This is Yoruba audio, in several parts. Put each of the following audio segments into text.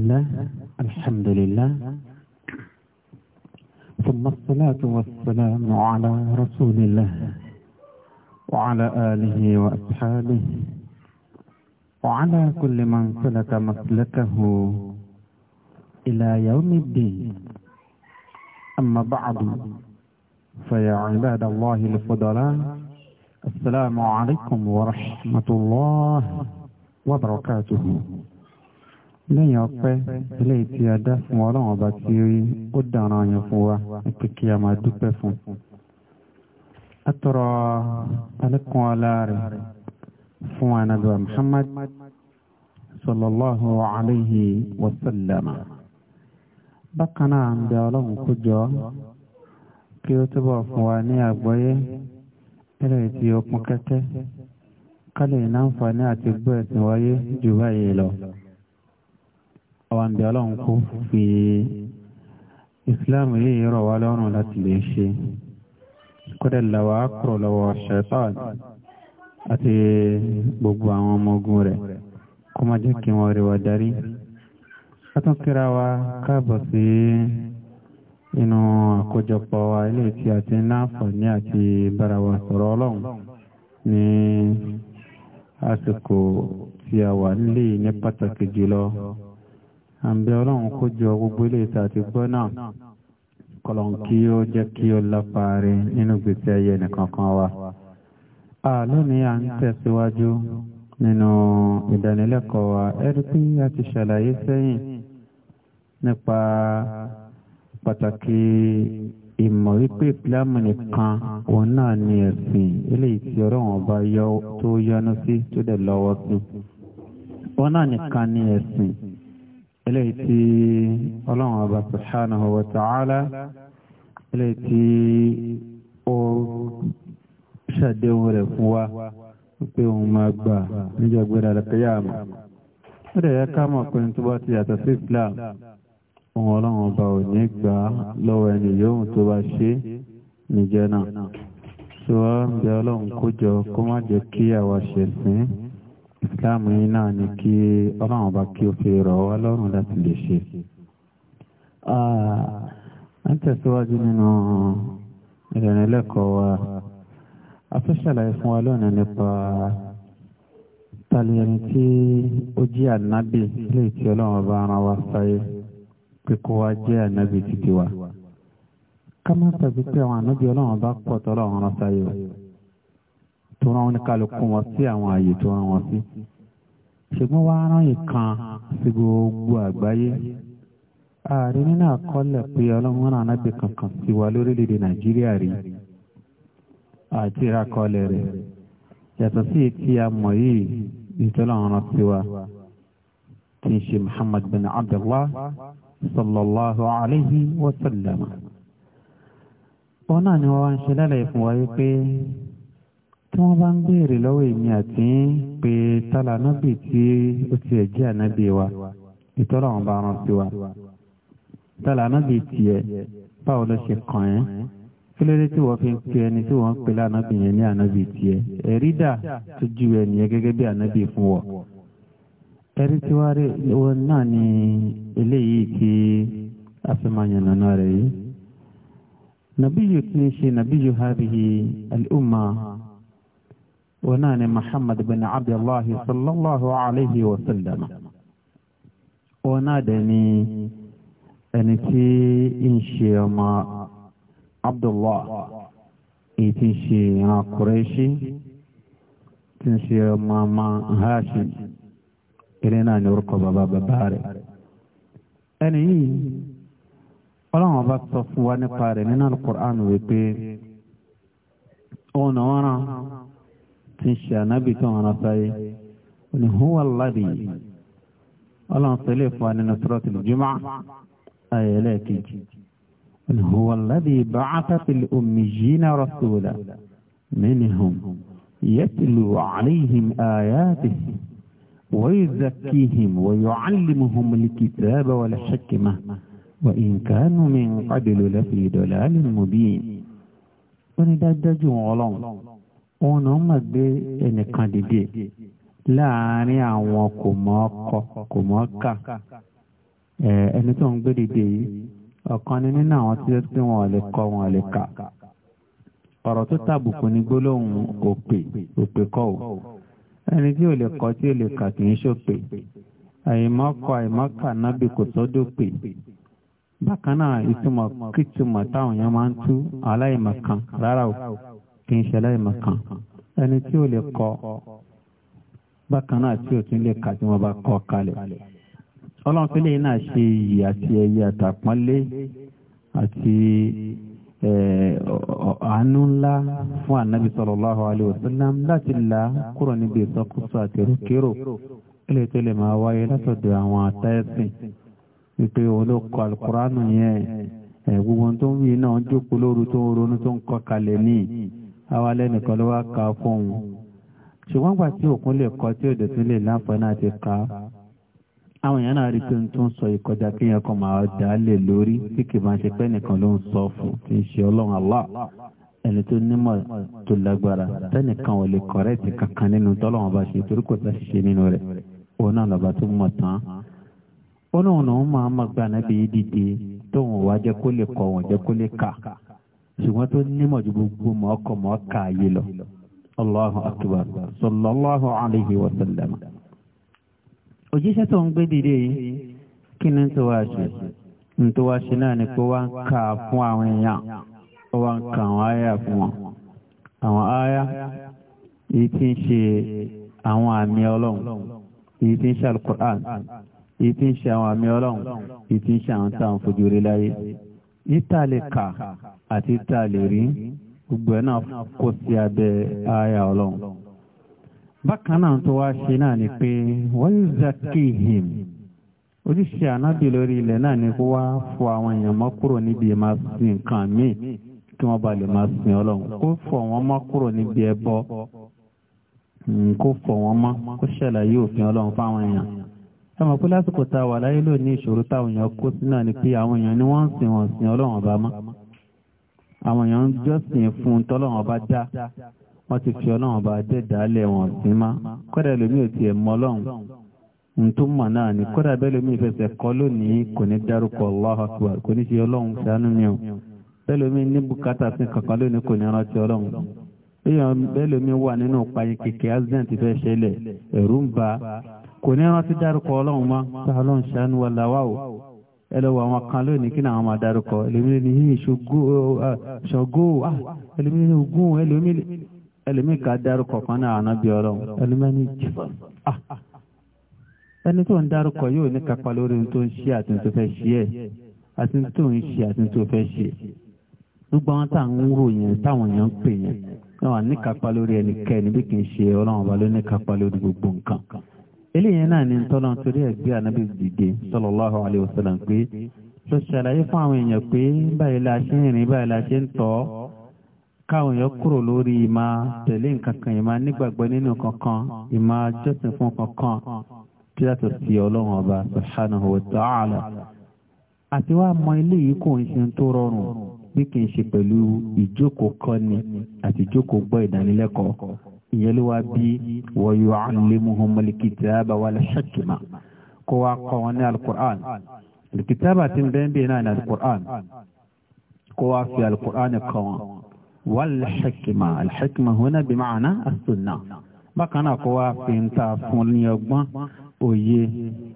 الله الحمد لله ثم الصلاة والسلام على رسول الله وعلى آله وأصحابه وعلى كل من سلك مسلكه إلى يوم الدين أما بعد فيا عباد الله الفضلاء السلام عليكم ورحمة الله وبركاته lẹ́yìn ọpẹ́ ilé ìtì adá fún ọlọ́run ọba tí ó dára yẹn fún wa pé kí a máa dúpẹ́ fún. a tọrọ alẹ́kùn ọlá rẹ̀ fún anabiwa muhammad sallallahu alayhi wa sallam. bákan náà ń bẹ ọlọ́run kó jọ kí ó túbọ̀ fún wa ní àgbọ́yé ilé ìtì okun kẹ́kẹ́ ká lè àti gbọ́ ẹ̀sìn wáyé jù báyìí lọ àwọn àǹbẹ̀ ọlọ́run kó fi islam yìí rọ̀ wá lọ́rùn láti lè ṣe kódẹ̀ lọ́wọ́ kúrò lọ́wọ́ ṣẹ̀tàn àti gbogbo àwọn ọmọ ogun rẹ̀ kó má jẹ́ kí wọ́n rí wa darí. a tún kíra wa àsìkò tí a wà nílé ní pàtàkì jùlọ àbí ọlọ́run kó jọ gbogbo ilé ìta àti gbọ́ náà kọlọ̀n kí ó jẹ́ kí ó lápàárí nínú gbèsè ayé ẹnìkankan wa. lónìí à ń tẹ̀síwájú nínú ìdánilẹ́kọ̀ọ́ wa ẹ̀rí pé a ti ṣàlàyé sẹ́yìn nípa pàtàkì ìmọ̀ wípé ìpìlámù nìkan òun náà ni ẹ̀sìn eléyìí tí ọlọ́run ọba tó yọ́nú sí tó dẹ̀ lọ́wọ́ sí òun náà nìkan ni ẹ̀sìn eléyìí tí ọlọ́run ọba subhanahu wa ta'ala eléyìí tí ó ṣàdéhùn rẹ̀ fún wa pé òun máa gbà níjọ́ gbéra lẹ́kẹ́yàmù ó dẹ̀ yẹ ká mọ̀ pé tó bá ti yàtọ̀ sí Islam òun ọlọ́run ọba ò ní gbà lọ́wọ́ ẹni yòówù tó bá ṣe níjẹ́ náà ṣùgbọ́n bí ọlọ́run kó kó má jẹ́ kí àwa ṣẹ̀sìn ìsìláàmù yìí náà ni kí ọlọ́run bá kí ó fi rọ̀ wá lọ́rùn láti lè ṣe. a ń tẹ̀síwájú nínú ìrìnlẹ́kọ̀ọ́ wa a fẹ́ ṣàlàyé fún wa lónìí nípa tàlẹ́ ẹni tí ó jẹ́ ànábì lè tí ọlọ́run bá ara wa sáyé pé kó wá jẹ́ ànábì títí wa. ká má tàbí pé àwọn ànábì ọlọ́run bá pọ̀ tọ́lọ́run rán sáyé o tó rán oníkálukú wọn sí àwọn ààyè tó rán wọn sí ṣùgbọ́n wá rán ìkan sí gbogbo àgbáyé ààrẹ nínú àkọọ́lẹ̀ pé ọlọ́run rán anábì kankan sí wa lórílẹ̀‐èdè nàìjíríà rí àti ìrakọọ́lẹ̀ rẹ̀ yàtọ̀ sí etí amọ̀ yìí ìtọ́lọ́run rán sí wa tí ń ṣe muhammad bin abdullah sallallahu alayhi wa sallam. ọ̀nà ni wọ́n wá ń ṣe lálẹ́ fún wa wípé tí wọ́n bá ń béèrè lọ́wọ́ èmi àti pé tálà nábì tí ó ti ẹ̀ jẹ́ ànábì wa ìtọ́lọ̀ àwọn bá rán sí wa tálà nábì tiẹ̀ báwo ló ṣe kàn ẹ́ kí ló dé tí wọ́n fi ń pe ẹni tí wọ́n ń pe lánàbì yẹn ní ànábì tiẹ̀ ẹ̀rí dà tó ju ẹni yẹn gẹ́gẹ́ bí ànábì fún wọ. ẹ̀rí tí wàá rí wọn náà ni eléyìí tí a rẹ̀ yìí. nàbíyù tí ń ṣe nàbíyù hábìhì ونان محمد بن عبد الله صلى الله عليه وسلم ونادني أنتي إن ما عبد الله إتي شيء قريشي ما ما هاشم إلينا نورك بابا بباري ẹni yìí ọlọ́run bá sọ fún wa nípa rẹ̀ nínú alukur'an wípé òun náà تنشى نبي كمان أصاي إن هو الذي ألا نصليف عن نصرة الجمعة أي لكن إن هو الذي بعث في الأميين رسولا منهم يتلو عليهم آياته ويزكيهم ويعلمهم الكتاب والحكمة وإن كانوا من قبل لفي ضلال مبين ونددجوا علوم òun náà mọ̀ gbé ẹnìkan dìde láàárín àwọn kò mọ̀ ọkọ kò mọ̀ ọkà ẹni tó ń gbé dìde yìí ọ̀kan ni nínú àwọn tí lè kọ wọn lè kà ọ̀rọ̀ tó tàbùkù ní gbólóhùn òpè òpè kọ́ ò ẹni tí ò lè kọ tí ò lè kà kì í ṣòpè àìmọ́kọ àìmọ́kà nábì kò tọ́dọ̀ pè bákan náà ìtumọ̀ kìtumọ̀ kì í ṣẹlẹ̀ ìmọ̀kan ẹni tí ò lè kọ bákan náà tí ò tún lè kà tí wọ́n bá kọ kalẹ̀ ọlọ́run tó lè náà ṣe iyì àti ẹ̀yẹ àtàpọ́nlé àti àánú ńlá fún ànábì sallallahu alaihi wasallam láti là kúrò níbi ìsọkúsọ àti rúkérò ilé tó lè máa wáyé látọ̀dọ̀ àwọn àtẹ́sìn wípé olóko alukóránù yẹn gbogbo tó ń wí náà ń jókòó lóru tó ń ronú tó ń kọ kalẹ̀ níyì àwa lẹ́nìkan ló wá ka fóun ṣùgbọ́n gbà tí òkun lè kọ tí òdè tún lè láǹfààní àti ka àwọn èèyàn náà rí tó ń tún sọ ìkọjá kí yẹn kan máa dà á lè lórí tí kì máa ṣe pé nìkan ló ń sọ fún kì í ṣe ọlọ́run Allah ẹni tó nímọ̀ tó lágbára tẹ́nìkan ò lè kọ̀rẹ́ẹ̀tì kankan nínú tọ́lọ́run bá ṣe torí kò tá ṣiṣẹ́ nínú rẹ̀ òun náà lọ́ba tó mọ̀ tán ó lóun náà máa máa gba ànábì yìí dìde tóun wá jẹ́ kó lè kọ̀ wọ́n jẹ́ kó lè kà ṣùgbọ́n tó nímọ̀ ju gbogbo mọ́ọ̀kọ̀ mọ́ọ̀kà ayé lọ Allahu akbar sallallahu alayhi wa sallam. òjíṣẹ́ tó ń gbé dìde yìí kí ni tó wá ṣe ń tó wá ṣe náà ni pé wá ń kà fún àwọn èèyàn ó wá ń kà àwọn àyà fún wọn àwọn àyà èyí tí ń ṣe àwọn àmì ọlọ́run èyí tí ń ṣe alukur'an èyí tí ń ṣe àwọn àmì ọlọ́run èyí tí ń ṣe àwọn táwọn fojú rí láyé. ìta lè kà àti ìta gbogbo ẹ̀ náà kó sí abẹ́ àyà ọlọ́run. bákan náà tó wá ṣe náà ni pé wọ́n yóò zakihim ojúṣe ànábì lórí ilẹ̀ náà ni kó wá fọ àwọn èèyàn mọ́ kúrò níbi máa sin míì kí wọ́n ba lè máa sin ọlọ́run kó fọ wọn mọ́ kúrò níbi ẹbọ hmm, kó fọ wọn mọ́ kó ṣẹlẹ̀ yóò fi ọlọ́run fáwọn èèyàn. ẹmọ̀ pé lásìkò tá a wà láyé lónìí ìṣòro táwọn èèyàn kó sí náà ni pé àwọn èèyàn ni wọ́n ń sìn wọ́n sìn ọlọ́run ọba mọ́ àwọn èèyàn ń jọ́sìn fún un tọ́lọ́run ọba dá wọ́n ti fi ọlọ́run ọba dẹ́dàálẹ̀ wọ́n sìn má kọ́dà lómi ò tiẹ̀ mọ ọlọ́run ń tó mọ̀ náà ni kọ́dà bẹ́ẹ̀ lómi ìfẹsẹ̀ kọ́ lónìí kò ní dárúkọ Allahu Akbar kò ní rántí dárúkọ ọlọ́run mọ́ sàlọ́ ń ṣàánú wa làwà o ẹ lọ wọ àwọn kan lónìí kí náà máa dárúkọ ẹlòmíì ní ṣògo ah, ah, ẹlòmíì ní ogun ẹlòmíì ká dárúkọ kan náà àná bí ọlọ́run ẹlòmíì ní jesus ah, ẹni tó ń dárúkọ yóò ní kápá lórí ohun tó ń ṣe àti tó fẹ́ ṣe ẹ̀ àti tó ń ṣe àti tó fẹ́ ṣe gbogbo àwọn tá à ń rò yẹn táwọn èèyàn ń pè yẹn náà wà ní lórí ẹnikẹ́ni bí kì í ṣe ọlọ́run ọba ló ní lórí gbogbo nǹkan kan eléyìí náà ni tọ́lọ́n torí ẹ̀ gbé ànábì dìde sallallahu alaihi wasallam pé ló ṣàlàyé fún àwọn èèyàn pé báyìí la ṣe ń rìn báyìí la ṣe ń tọ́ káwọn èèyàn kúrò lórí ìmá tẹ̀lé nǹkan kan ìmá nígbàgbọ́ nínú kankan ìmá jọ́sìn fún kankan tí yàtọ̀ sí ọlọ́run ọba subhanahu wa ta'ala àti wá mọ eléyìí kò ń ṣe tó rọrùn bí kì í ṣe pẹ̀lú ìjókòó kọ́ni àti ìjókòó gbọ́ ìdánilẹ́kọ̀ọ́ ìyẹn ló wá bí wa yu'allimuhumul kitaba wal hikma kó wá kọ́ wọn ní alukur'an alikitaba ti bẹ́ẹ̀ bẹ́ẹ̀ náà ní alukur'an kó wá fi alukur'an kọ́ wọn wal hikma al hikma huna bi ma'ana as-sunna bákan náà kó wá fi ń ta fún ní ọgbọ́n òye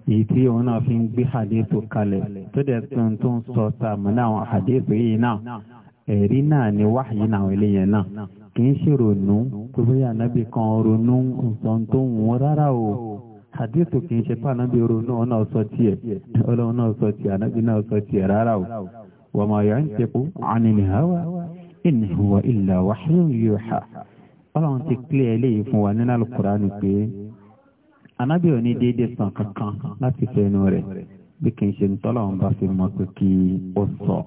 èyí tí òun náà fi ń gbé hadithu kalẹ̀ tó dẹ̀ tún tó ń sọ tààmù náà hadithu yìí náà ẹ̀rí náà ni wáyé náà kìí ṣe ronú tó bóyá ànábì kan ronú nǹkan tó ń wọ́n rárá o hadithu kìí ṣe pé ànábì ronú ọ̀nà ọ̀sọ̀ tiẹ̀ ọlọ́run náà sọ tiẹ̀ ànábì náà sọ tiẹ̀ rárá o wa ma yantiqu anil hawa in huwa illa wahyun yuha ọlọ́run ti kílẹ̀ eléyìí fún wa nínú alukurani pé ànábì ò ní déédéé sàn kankan láti fẹnu rẹ̀ bí kìí ṣe ń tọ́lọ́run bá fi mọ́ pé kí ó sọ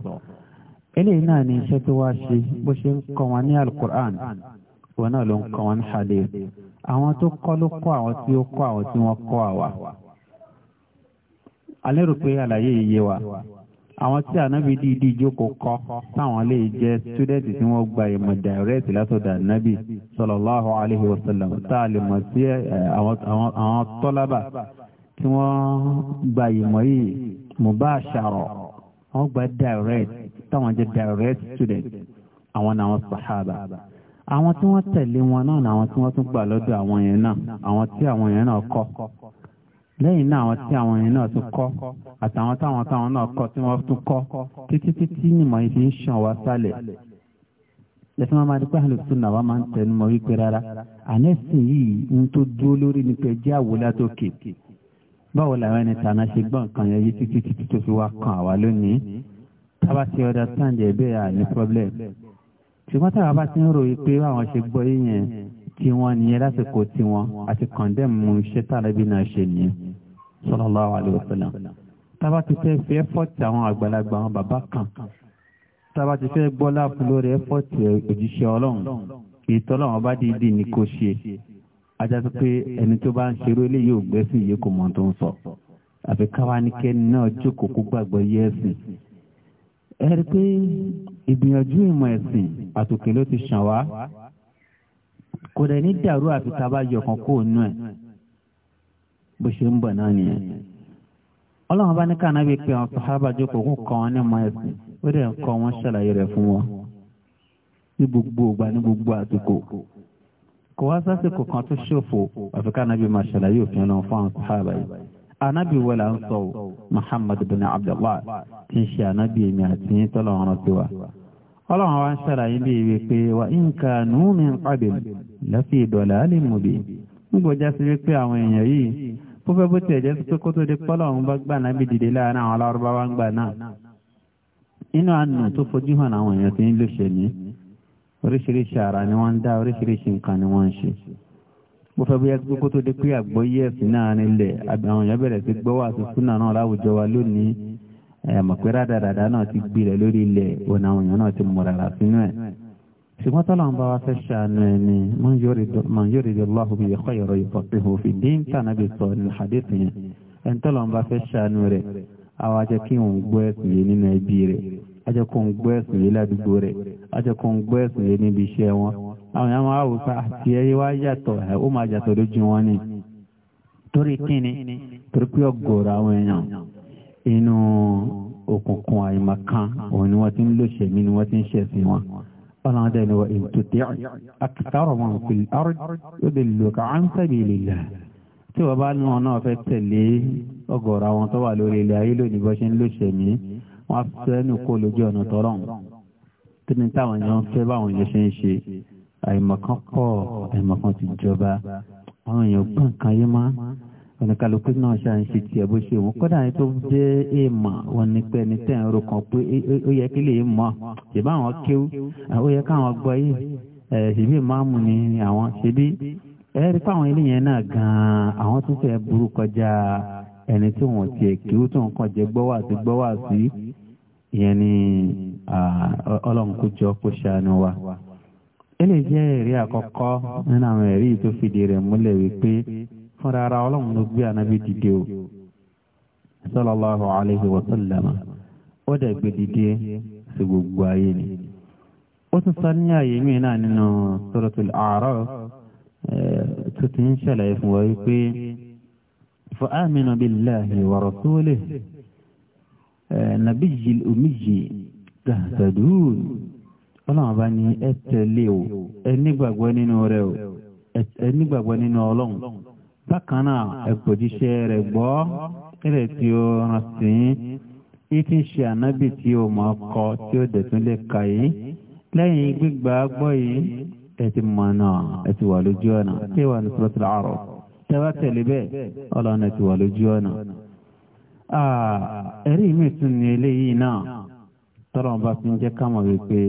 eléyìí náà ní iṣẹ́ tó wá ṣe bó ṣe ń kọ́ wọn ní alukur'an wọn náà ló ń kọ́ wọn ní hadith àwọn tó kọ́ ló kọ́ àwọn tí ó kọ́ àwọn tí wọ́n kọ́ àwa. alérò pé àlàyé yìí yé wa àwọn tí ànábì dídí ìjókòó kọ́ táwọn lè jẹ́ túdẹ́ẹ̀tì tí wọ́n gba ìmọ̀ dàrẹ́ẹ̀tì látọ̀dọ̀ ànábì sallallahu alaihi wasallam tá a lè mọ̀ sí eh, àwọn tọ́lábà tí wọ́n gba ìmọ̀ yìí mubashara wọ́n gba direct táwọn jẹ́ direct student àwọn náà wọ́n sàhábà àwọn tí wọ́n tẹ̀lé wọn náà ni àwọn tí wọ́n tún gbà lọ́dọ̀ àwọn yẹn náà àwọn tí àwọn yẹn náà kọ́ lẹ́yìn náà àwọn tí àwọn yẹn náà tún kọ́ àtàwọn táwọn táwọn náà kọ́ tí wọ́n tún kọ́ títí títí nìmọ̀ yìí fi ń ṣàn wá sálẹ̀ lẹ́tí wọ́n máa di pé àlùsùn náà wọ́n máa ń tẹnu mọ́ wípé rárá ànẹ́sìn yìí ń tó dúró lórí ni pé jẹ́ àwòlá tó kè báwo làwọn ẹni tàná ṣe gbọ́n yẹn yìí títí títí tó fi wá kan àwa lónìí tába ti ọ̀dà sáǹdì ẹ̀ bẹ́ẹ̀ à problem ṣùgbọ́n táwa bá ti ń ròyìn pé àwọn ṣe gbọ́ yíyan tí wọ́n nìyẹn lásìkò tiwọn àti kọ̀ndẹ́mù iṣẹ́ tààrẹ́bí náà ṣe nìyẹn sallallahu alaihi wasallam ti fẹ́ fi ẹ́fọ́tì àwọn àgbàlagbà àwọn bàbá kan Taba ti fẹ́ gbọ́ láàfin lórí ẹ́fọ́tì òjíṣẹ́ ọlọ́run ìtọ́lọ́run bá dìídì ní kò ṣe ajásí pé ẹni tó bá ń ṣerú eléyìí ò gbẹ́sìn yìí kò mọ̀ tó ń sọ àfi káwa ní kẹ́ni náà jókòó kó gbàgbọ́ yẹ́sìn ẹ̀rí pé ìgbìyànjú ìmọ̀ ẹ̀sìn àtòkè ló ti ṣàn wá kò dẹ̀ ní dàrú àfi tá a bá yọ̀ kan kó o nú ẹ̀ bó ṣe ń bọ̀ náà nìyẹn. ọlọ́run bá ní káàná bíi pé àwọn sàhábà jókòó kó kọ́ wọn ní ìmọ̀ ẹ̀sìn ó dẹ̀ ń kọ́ wọn ṣàlàyé rẹ̀ fún wọn ní gbogbo ògbà ní gbogbo àsìkò kò wá sásìkò kan tó ṣòfò àfi káàná bíi máa ṣàlàyé òfin ọlọ́run fún àwọn sàhábà yìí anabi wọlé à ń sọ o muhammadu bin abdullah tí ń ṣe anabi èmi àti yín tọ́lọ̀ ọ̀rọ̀ sí wa ọlọ́run wa ń ṣàlàyé bí ìwé pé wà ń ka nùmí pàdé lọ́sí ìdọ̀là àlèmùbí nígbà ọjà sí wípé àwọn èèyàn yìí tó fẹ́ bó tiẹ̀ jẹ́ sí pé kó tó di pọ́lọ́run bá gbà náà bí dìde láàárín àwọn alárúbáwá ń gbà náà inú àánú tó fojú hàn àwọn èèyàn ti ń lò ṣe ní oríṣiríṣi àrà ni wọ́n ń dá oríṣiríṣi nǹkan ni wọ́n ń ṣe mo fẹ́ bóyá pé kó tó dé pé àgbọ́yé ẹ̀sìn náà nílẹ̀ àwọn èèyàn bẹ̀rẹ̀ sí gbọ́ wàásù súnà náà láwùjọ wa lónìí àmọ̀pẹ́ rádaràdà náà ti gbilẹ̀ lórí ilẹ̀ òun àwọn èèyàn náà ti mọ̀ràrà sínú ẹ̀. ṣùgbọ́n tọ́lá ń bá wa fẹ́ ṣàánú ẹ̀ ni man yuridu Allahu bihi khayran yufaqqihhu fi din tànàbí sọ ní hadith yẹn ẹ̀ ń tọ́lá ń bá fẹ́ ṣàánú rẹ̀ àwọn ajẹ́ kí òun gbọ́ ẹ̀sìn yìí nínú ń gbọ́ àwọn yàrá máa wò pé àti ah, ẹyẹ wá yàtọ̀ ẹ̀ ó máa yàtọ̀ lójú wọn ni torí kíni torí pé ọ̀gọ̀ọ̀rọ̀ àwọn èèyàn inú òkùnkùn àìmọ̀kan òun ni wọ́n ti ń lòṣèmí ni wọ́n ti ń ṣẹ̀sìn wọn. فلا دين وإن تطع أكثر من في الأرض يضلك عن سبيل الله tí wọ́n bá ní wọn náà fẹ́ tẹ̀lé ọgọ́rọ̀ àwọn tó wà lórí ilẹ̀ ayé lónìí bó ṣe ń lòṣèmí wọ́n á nù kó lójú ọ̀nà tọ́rọ̀ tí ní táwọn èèyàn ń fẹ́ báwọn èèyàn ṣe ń ṣe àìmọ̀kan pọ̀ àìmọ̀kan ti jọba àwọn èèyàn gbọ́n kan yé má oníkàlùkù náà ń ṣe tiẹ̀ bó ṣe wọ́n kọ́dà ní tó jẹ́ èèmọ̀ wọn ni pẹ́ ní tẹ́ ń kan pé ó yẹ kí lè mọ̀ ṣèbá àwọn kéwú ó yẹ káwọn gbọ́ yìí ṣèbí ìmáàmù ni àwọn ṣèbí náà gan-an àwọn tún fẹ́ burú kọjá ẹni tí wọ́n tiẹ̀ kéwú tó jẹ́ ilé jẹ́ ẹ̀rí àkọ́kọ́ nínú àwọn ẹ̀rí tó fìdí rẹ̀ múlẹ̀ wípé fúnra ara ọlọ́run ló gbé ànábì dìde o sallallahu alayhi wa sallam ó dẹ̀ gbé dìde sí gbogbo ayé ni. ó tún sọ ní ààyè mí náà nínú suratul A'raf tó ti ń ṣàlàyé fún wa wípé fa aminu billahi wa rasulihi nabiyil umiyyi tahtadun ọlọ́run bá ní ẹ tẹ̀lé o ẹ nígbàgbọ́ nínú rẹ o ẹ nígbàgbọ́ nínú ọlọ́run bákan náà ẹ gbòjíṣẹ́ rẹ gbọ́ kílẹ̀ tí ó ràn sí yìí tí ń ṣe ànábì tí o mọ̀ kọ tí ó dẹ̀ tún lè kà yìí lẹ́yìn gbígbà gbọ́ yìí ẹ ti mọ̀ náà ẹ ti wà lójú ọ̀nà tí wà ní suratul A'raf tẹ́wá tẹ̀lé bẹ́ẹ̀ ọlọ́run ẹ ti wà lójú ọ̀nà. ẹ̀rí mi tún ní eléyìí náà tọ́lọ́mọba fi ń jẹ́ ká mọ̀ wípé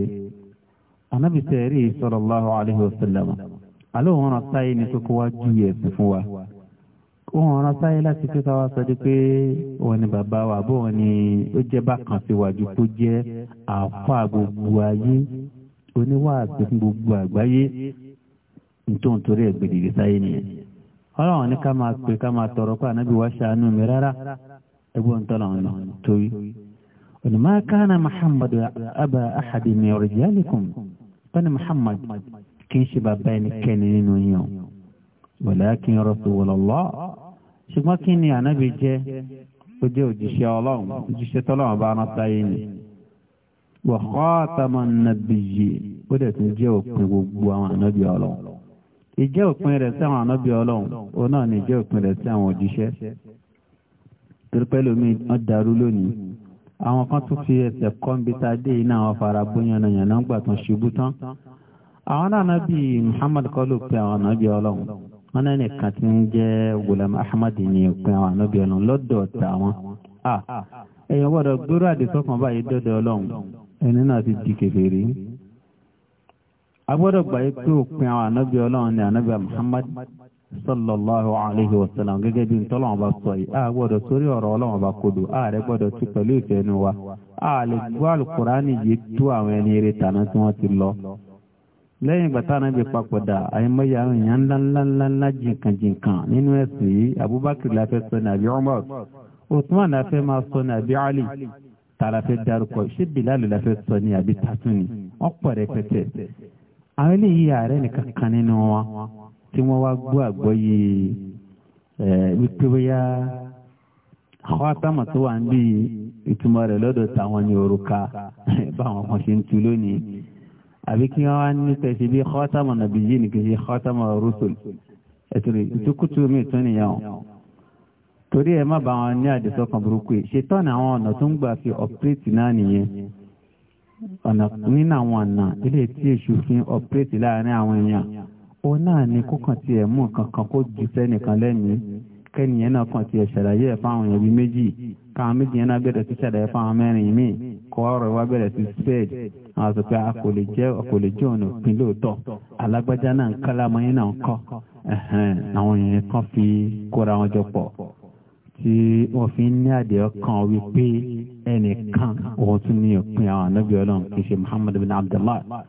anabi sẹ́ẹ̀rí sallallahu alayhi wa sallam alẹ́ òun ọ̀nà táyé ní kókó wá ju ẹ̀sìn fún wa òun ọ̀nà táyé láti fi ká wá sọ di pé òun ni bàbá wa bó òun ni ó jẹ́ bákan síwájú tó jẹ́ àfa gbogbo ayé oníwàásù fún gbogbo àgbáyé nítorí nítorí ẹ̀gbẹ̀dẹ̀gbẹ̀ sáyé nìyẹn ọlọ́run ní ká máa pè ká máa tọrọ pé ànábì wá ṣàánú mi rárá ẹgbọ́n tọ́lá wọn lọ torí. ma kana Muhammadu aba bani muhammad kì í ṣe bàbá ẹnikẹ́ni nínú yín walakin rasulullah ṣùgbọ́n kí ni ànábì jẹ́ ó jẹ́ òjíṣẹ́ ọlọ́run òjíṣẹ́ tọ́lọ́run bá rán sáyé ni wa khataman nabiyyin ó dẹ̀ tún jẹ́ òpin gbogbo àwọn ànábì ọlọ́run ìjẹ́ òpin rẹ̀ sí àwọn ànábì ọlọ́run ó náà ní ìjẹ́ òpin rẹ̀ sí àwọn òjíṣẹ́ torípẹ́ lómi wọ́n darú lónìí àwọn kan tún fi ẹsẹ̀ kọ́ńbítà dé iná àwọn fara bóyán náà yànnà gbà tán ṣubú tán àwọn náà náà bíi Muhammad kọlù pé àwọn ànábì Ọlọ́run wọn náà nìkan ti ń jẹ́ Gulam Ahmad ní òpin àwọn ànábì Ọlọ́run lọ́dọ̀ ọ̀tá wọn. èèyàn gbọ́dọ̀ gbóró àdìsọ́kàn báyìí dọ́dọ̀ Ọlọ́run ẹni náà ti di kèfèrí. a gbọ́dọ̀ gbà yí pé òpin àwọn ànábì Ọlọ́run ni Muhammad sallallahu alayhi wa sallam gẹ́gẹ́ bí ntọ́lọ́wọ́n bá sọ yìí a gbọ́dọ̀ sórí ọ̀rọ̀ ọlọ́wọ́n bá kodo a rẹ̀ gbọ́dọ̀ tí pẹ̀lú ìfẹ́ nu wa a lè gbọ́ alukurani yìí tó àwọn ẹni eré tàná tí wọ́n ti lọ. lẹ́yìn ìgbà táwọn ẹbí papòdà àyẹ̀mọ́yé àwọn èèyàn ńlá nínú ẹ̀sìn yìí Abubakar la sọ tí wọ́n wá gbọ́ àgbọ́yé wípé bóyá àwọn atámọ̀ tó wà ń bí ìtumọ̀ rẹ̀ lọ́dọ̀ táwọn ní òrùka báwọn kan ṣe ń tu lónìí àbí kí wọ́n wá ní tẹ̀sí bí kọ́tàmọ̀ nàbí yìí nìkan ṣe kọ́tàmọ̀ rúṣùl ẹ̀tùrì ìtukùtù mi tún nìyẹn torí ẹ má bá wọn ní àdìsọ́kàn burúkú yìí ṣetán àwọn ọ̀nà tó ń gbà fi ọ̀pẹ́rẹ́tì náà nìyẹn ọ̀nà nínú àwọn ọ̀nà ilé tí èṣù fi ọ̀pẹ́rẹ́tì láàárín àwọn èèyàn o náà ni kó ti tiẹ̀ mú nǹkan kan kó jù sẹ́nìkan lẹ́mìí kẹ́nìyẹn náà kàn tiẹ̀ ṣàlàyé ẹ̀ fáwọn èèyàn bíi méjì káwọn méjì yẹn náà bẹ̀rẹ̀ sí ṣàlàyé fáwọn mẹ́rin míì kọ́ ọ̀rọ̀ wa bẹ̀rẹ̀ sí spade àwọn a jẹ́ a jẹ́ òun òpin lóòótọ́ alágbájá náà ń kálámọ náà ń kọ́ àwọn èèyàn kan fi kóra wọn jọ pọ̀ tí wọ́n fi ń ní kan wípé ẹnìkan òun tún ní òpin àwọn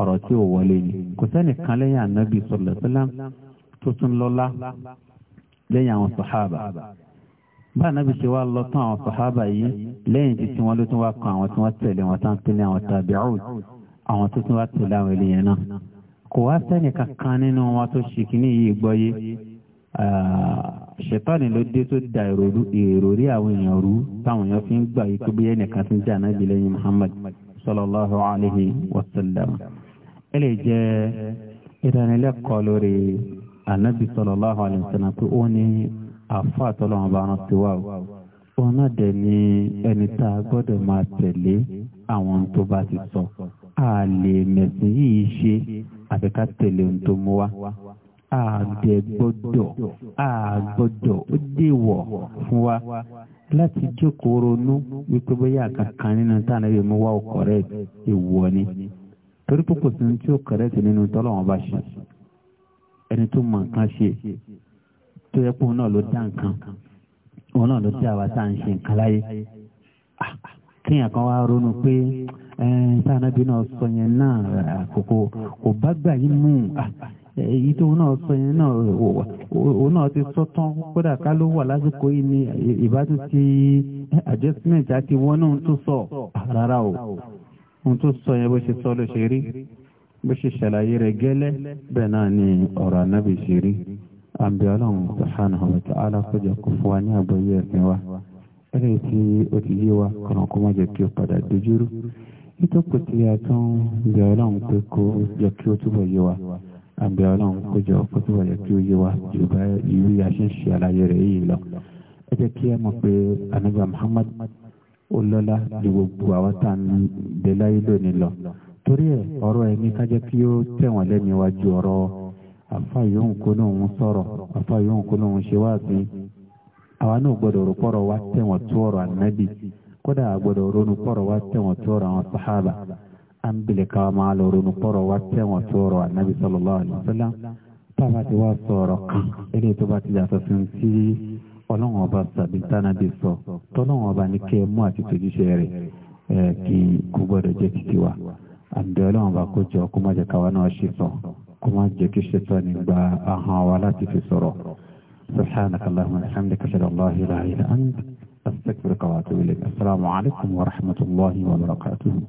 ọ̀rọ̀ tí ò wọlé ni kò sẹ́nìkan lẹ́yìn ànábì sallallahu alaihi wasallam tó tún lọ́lá lẹ́yìn àwọn sàhábà bá ànábì ṣe wá lọ tán àwọn sàhábà yìí lẹ́yìn tí wọ́n ló tún wá kan àwọn tí wọ́n tẹ̀lé wọn tán tẹ̀lé àwọn tàbíùn àwọn tó tún wá tẹ̀lé àwọn ènìyàn náà kò wá sẹ́nìkan kan nínú wọn tó ṣì kíní yìí gbọ́yé ṣẹ̀tọ́ni ló dé tó da èrò rí àwọn èèyàn rú táwọn ẹ lè jẹ ìdánilẹ́kọ̀ọ́ lórí anabi sallallahu alaihi wasallam pé ó ní àfa àtọ́lọ́wọ́n bá rán tiwa o òun náà dẹ̀ ní ẹni tá a gbọ́dọ̀ máa tẹ̀lé àwọn tó bá ti sọ a lè mẹ̀sìn yìí ṣe àfi ká tẹ̀lé ohun tó mú wá a dẹ̀ gbọ́dọ̀ a gbọ́dọ̀ ó dèwọ̀ fún wa láti jókòó ronú wípé bóyá àkàkàn nínú tá a mú wá ọkọ̀ rẹ̀ èèwọ̀ ni torí pé kò sí ní tí ó kẹrẹ́tì nínú tọ́lọ́wọ́n bá ṣe ẹni tó mọ nǹkan ṣe tó yẹ kó náà ló dá nǹkan òun náà ló dá àwa tá à ń ṣe nǹkan láyé ah, kíyàn kan wá ronú pé sáànàbí náà sọ yẹn náà àkókò kò bá gbà yín mú ah, èyí tó náà sọ yẹn náà òun náà ti sọ tán kódà ká ló wà lásìkò yìí ni ìbátú ti adjustment àti wọnú tó sọ ah, rárá o ohun tó sọ yẹn bó ṣe sọ ló ṣe rí bó ṣe ṣàlàyé rẹ̀ gẹ́lẹ́ bẹ́ẹ̀ náà ni ọ̀rọ̀ ànábì ṣe rí àbí ọlọ́run subhanahu wa ta'ala kọjá kó fún wa ní àgbọ́yé ẹ̀sìn wa ẹ̀rẹ́ tí ó ti yé wa kọ̀nà kó má jẹ́ kí ó padà dojúrú nítòkù tí a tún bí pé kó jẹ́ kí ó túbọ̀ yé wa àbí ọlọ́run kó túbọ̀ yẹ kí ó yé wa jù bá ìwé àṣẹ yìí lọ ẹ jẹ́ kí ẹ mọ̀ pé ànábì Muhammad ó lọ́lá ju gbogbo àwọn tá à ń bẹ láyé lónìí lọ torí ẹ ọ̀rọ̀ ẹ̀mí kájẹ́ kí ó tẹ̀wọ̀n lẹ́nu iwájú ọ̀rọ̀ afa yóò ń kóná òun sọ̀rọ̀ afa yóò ń kóná ṣe wá sí àwa náà gbọ́dọ̀ rò wá tẹ̀wọ̀n tó ọ̀rọ̀ ànábì kódà gbọ́dọ̀ ronú wá tẹ̀wọ̀n tó ọ̀rọ̀ àwọn sàhábà à máa lọ ronú wá tẹ̀wọ̀n tó ọ̀rọ̀ ànábì sallallahu alaihi wasallam táwa ti wá sọ̀rọ̀ kan eléyìí tó bá ti yàtọ̀ sí ọlọ́run ọba sàbí tánàbí sọ tọ́lọ́run ọba ní kẹ́ ẹ mú àti tòjúṣe rẹ̀ ẹ kí kò gbọ́dọ̀ jẹ́ títí wa àbẹ̀ ọlọ́run bá kó jọ kó má jẹ́ káwa náà ṣe sọ kó má jẹ́ kí ṣe sọ nígbà ahọ́n wa láti fi sọ̀rọ̀ subhanaka